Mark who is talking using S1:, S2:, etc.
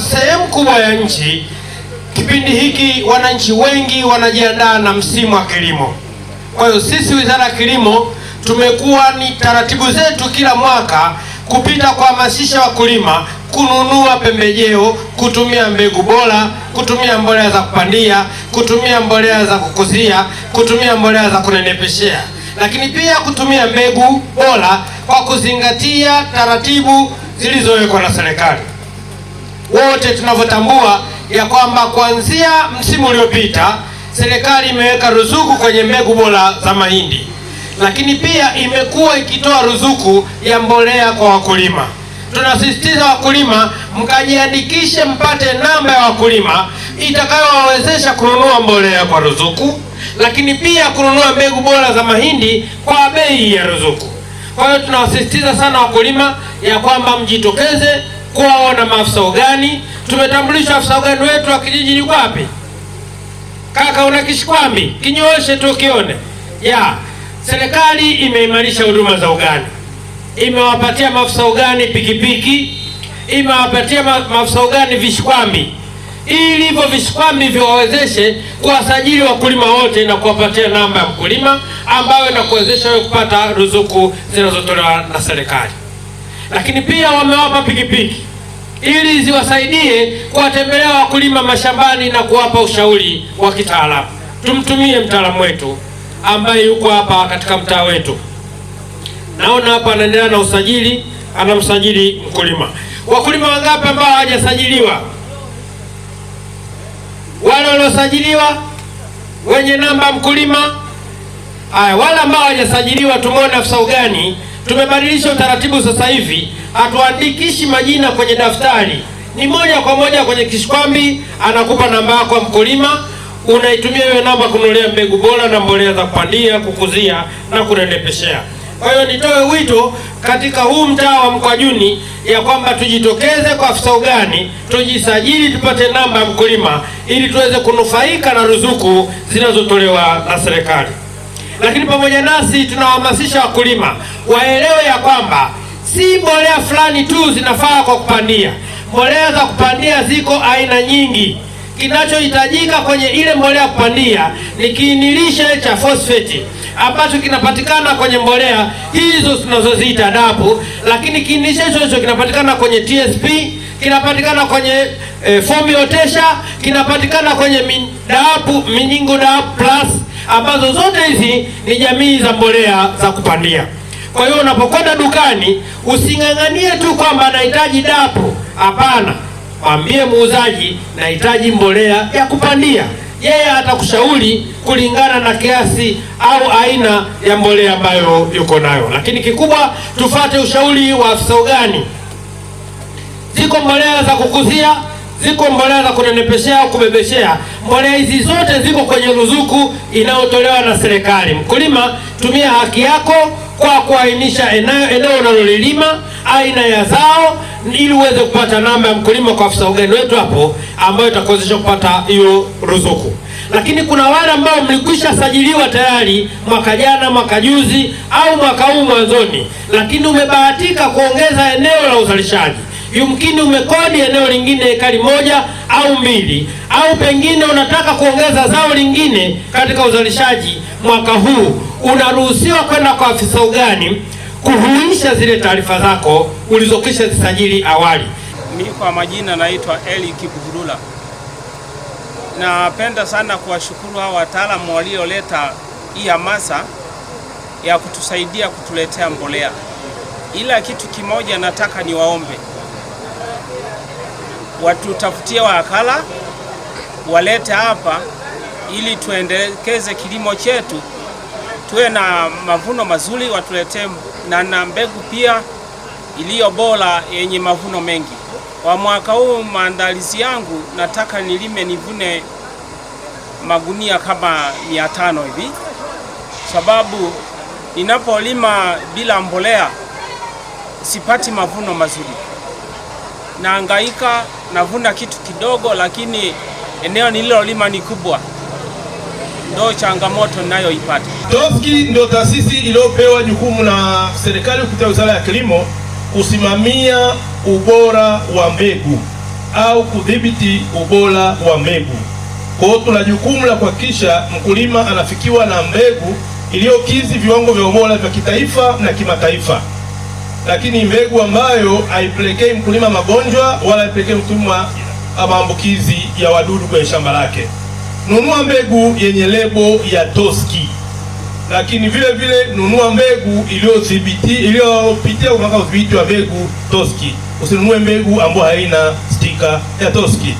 S1: sehemu kubwa ya nchi kipindi hiki wananchi wengi wanajiandaa na msimu wa kilimo. Kwa hiyo sisi Wizara ya Kilimo tumekuwa ni taratibu zetu kila mwaka kupita kuhamasisha wakulima kununua pembejeo, kutumia mbegu bora, kutumia mbolea za kupandia, kutumia mbolea za kukuzia, kutumia mbolea za kunenepeshea, lakini pia kutumia mbegu bora kwa kuzingatia taratibu zilizowekwa na serikali wote tunavyotambua ya kwamba kuanzia msimu uliopita serikali imeweka ruzuku kwenye mbegu bora za mahindi, lakini pia imekuwa ikitoa ruzuku ya mbolea kwa wakulima. Tunasisitiza wakulima mkajiandikishe, mpate namba ya wakulima itakayowawezesha kununua mbolea kwa ruzuku, lakini pia kununua mbegu bora za mahindi kwa bei ya ruzuku. Kwa hiyo tunawasisitiza sana wakulima ya kwamba mjitokeze mkoa wana maafisa ugani. Tumetambulisha afisa ugani wetu wa kijiji ni wapi? Kaka una kishikwambi, kinyooshe tu kione. Ya serikali imeimarisha huduma za ugani, imewapatia maafisa ugani pikipiki, imewapatia maafisa ugani vishikwambi, ili hivyo vishikwambi viwawezeshe kuwasajili wakulima wote na kuwapatia namba ya mkulima ambayo inakuwezesha kupata ruzuku zinazotolewa na serikali lakini pia wamewapa pikipiki ili ziwasaidie kuwatembelea wakulima mashambani na kuwapa ushauri wa kitaalamu. Tumtumie mtaalamu wetu ambaye yuko hapa katika mtaa wetu, naona hapa anaendelea na usajili, anamsajili mkulima. Wakulima wangapi ambao hawajasajiliwa? Wale waliosajiliwa wenye namba mkulima. Haya, wale ambao hawajasajiliwa, tumeona afisa ugani Tumebadilisha utaratibu sasa hivi, hatuandikishi majina kwenye daftari, ni moja kwa moja kwenye kishikwambi, anakupa namba yako ya mkulima, unaitumia hiyo namba kununulia mbegu bora na mbolea za kupandia, kukuzia na kunenepeshea. Kwa hiyo nitoe wito katika huu mtaa wa Mkwajuni ya kwamba tujitokeze kwa afisa ugani, tujisajili, tupate namba ya mkulima ili tuweze kunufaika na ruzuku zinazotolewa na serikali. Lakini pamoja nasi tunawahamasisha wakulima waelewe ya kwamba si mbolea fulani tu zinafaa kwa kupandia. Mbolea za kupandia ziko aina nyingi. Kinachohitajika kwenye ile mbolea kupandia ni kiinilishe cha fosfeti ambacho kinapatikana kwenye mbolea hizo tunazoziita dapu, lakini kiinilishe hicho hicho kinapatikana kwenye TSP, kinapatikana kwenye e, eh, fomi otesha, kinapatikana kwenye min, dapu minyingo dapu plus ambazo zote hizi ni jamii za mbolea za kupandia. Kwa hiyo unapokwenda dukani using'ang'anie tu kwamba nahitaji dapu, hapana. Mwambie muuzaji nahitaji mbolea ya kupandia, yeye atakushauri kulingana na kiasi au aina ya mbolea ambayo yuko nayo. Lakini kikubwa tufate ushauri wa afisa ugani. Ziko mbolea za kukuzia ziko mbolea za kunenepeshea au kubebeshea. Mbolea hizi zote ziko kwenye ruzuku inayotolewa na serikali. Mkulima, tumia haki yako kwa kuainisha eneo unalolilima, aina ya zao, ili uweze kupata namba ya mkulima kwa afisa ugeni wetu hapo, ambayo itakuwezesha kupata hiyo ruzuku. Lakini kuna wale ambao mlikwisha sajiliwa tayari mwaka jana, mwaka juzi au mwaka huu mwanzoni, lakini umebahatika kuongeza eneo la uzalishaji yumkini umekodi eneo lingine ekari moja au mbili, au pengine unataka kuongeza zao lingine katika uzalishaji mwaka huu, unaruhusiwa kwenda kwa afisa ugani kuhuisha zile taarifa zako ulizokwisha zisajili awali.
S2: Mi kwa majina naitwa Eli Kibugurula. Napenda sana kuwashukuru hawa wataalamu walioleta hii hamasa ya kutusaidia kutuletea mbolea, ila kitu kimoja nataka niwaombe watutafutie wakala walete hapa ili tuendekeze kilimo chetu, tuwe na mavuno mazuri, watuletee na na mbegu pia iliyo bora yenye mavuno mengi. Kwa mwaka huu maandalizi yangu nataka nilime nivune magunia kama mia tano hivi, sababu ninapolima bila mbolea sipati mavuno mazuri naangaika, navuna kitu kidogo, lakini eneo nililolima ni kubwa. Ndo changamoto ninayoipata.
S1: TOFCI ndio taasisi iliyopewa jukumu na serikali kupitia Wizara ya Kilimo kusimamia ubora wa mbegu au kudhibiti ubora wa mbegu. Kwa hiyo tuna jukumu la kuhakikisha mkulima anafikiwa na mbegu iliyokidhi viwango vya ubora vya kitaifa na kimataifa lakini mbegu ambayo haipelekei mkulima magonjwa wala haipelekei mkulima maambukizi ya wadudu kwenye shamba lake. Nunua mbegu yenye lebo ya Toski, lakini vile vile nunua mbegu iliyothibiti iliyopitia mpaka udhibiti wa mbegu Toski. Usinunue mbegu ambayo haina stika ya Toski.